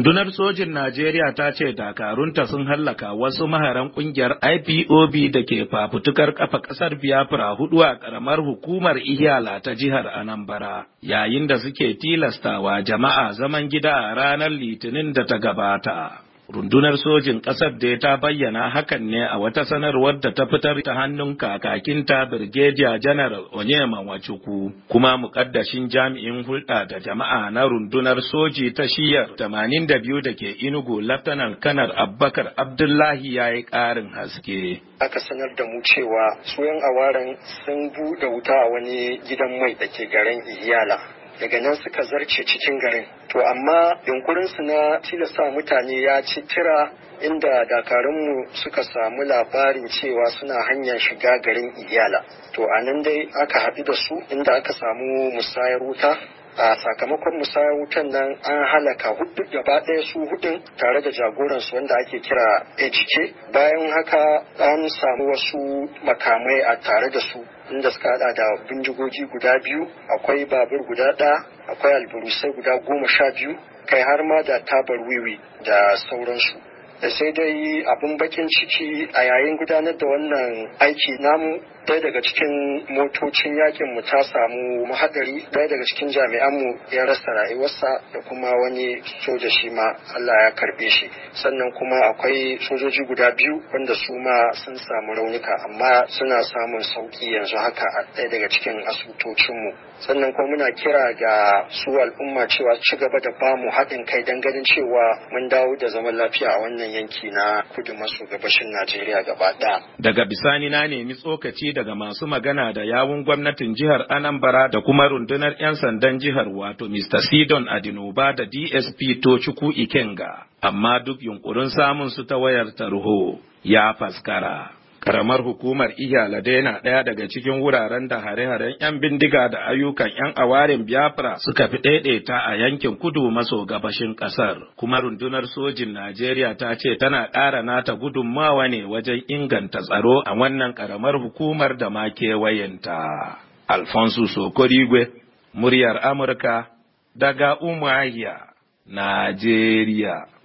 Rundunar sojin Najeriya ta ce dakarunta sun hallaka wasu maharan kungiyar IPOB da ke fafutukar kafa ƙasar Biafra hudu a ƙaramar hukumar Iyala ta jihar Anambra, yayin da suke tilastawa jama'a zaman gida a ranar Litinin da ta gabata. rundunar sojin ƙasar da ta bayyana hakan ne a wata sanarwar da ta fitar ta hannun kakakinta birgediya janar onyema wachuku kuma muƙaddashin jami'in hulɗa da jama'a na rundunar soji ta shiyar 82 da ke inugu laftanar kanar abbakar abdullahi ya yi ƙarin haske aka sanar da mu cewa su sun buɗe wuta a wani gidan mai da ke garin iyala daga nan suka zarce cikin garin to amma yunkurinsu na tilasta mutane ya ci tira inda dakarunmu suka samu labarin cewa suna hanyar shiga garin iyala to a nan dai aka haɗu da su inda aka samu musayar wuta a sakamakon musayar wutan nan an halaka hudu gaba ɗaya su hudun tare da jagoransu wanda ake kira ejike bayan haka an samu wasu makamai a tare da su inda suka hada da bindigogi guda biyu akwai babur guda ɗaya akwai alburusai guda goma sha biyu kai har ma da tabar wiwi da sauransu sai dai abin bakin ciki a yayin gudanar da wannan aiki namu ɗaya daga cikin motocin yakin mu ta samu mahadari Daya daga cikin jami'anmu ya rasa rayuwarsa da kuma wani soja shi ma Allah ya karbe shi sannan kuma akwai sojoji guda biyu wanda su ma sun samu raunuka amma suna samun sauki yanzu haka a ɗaya daga cikin asibitocin mu sannan kuma muna kira ga su al'umma cewa ci gaba da bamu haɗin kai don ganin cewa mun dawo da zaman lafiya a wannan wannan yanki na kudu maso gabashin Najeriya gaba ɗaya. Daga bisani na nemi tsokaci daga masu magana da yawun gwamnatin jihar Anambra da kuma rundunar 'yan sandan jihar wato Mr. Sidon Adinoba da DSP to cuku Ikenga, amma duk yunkurin samun su ta wayar tarho ya faskara. Karamar hukumar Iyala na ɗaya daga cikin wuraren da hare-haren 'yan bindiga da ayyukan 'yan awarin Biafra suka fi ɗaiɗaita a yankin kudu maso gabashin ƙasar. Kuma rundunar sojin Najeriya ta ce tana ƙara nata gudunmawa ne wajen inganta tsaro a wannan karamar hukumar da ma kewayenta. Alfonso Sokorigwe, muryar Amurka, daga Umahiya, Najeriya.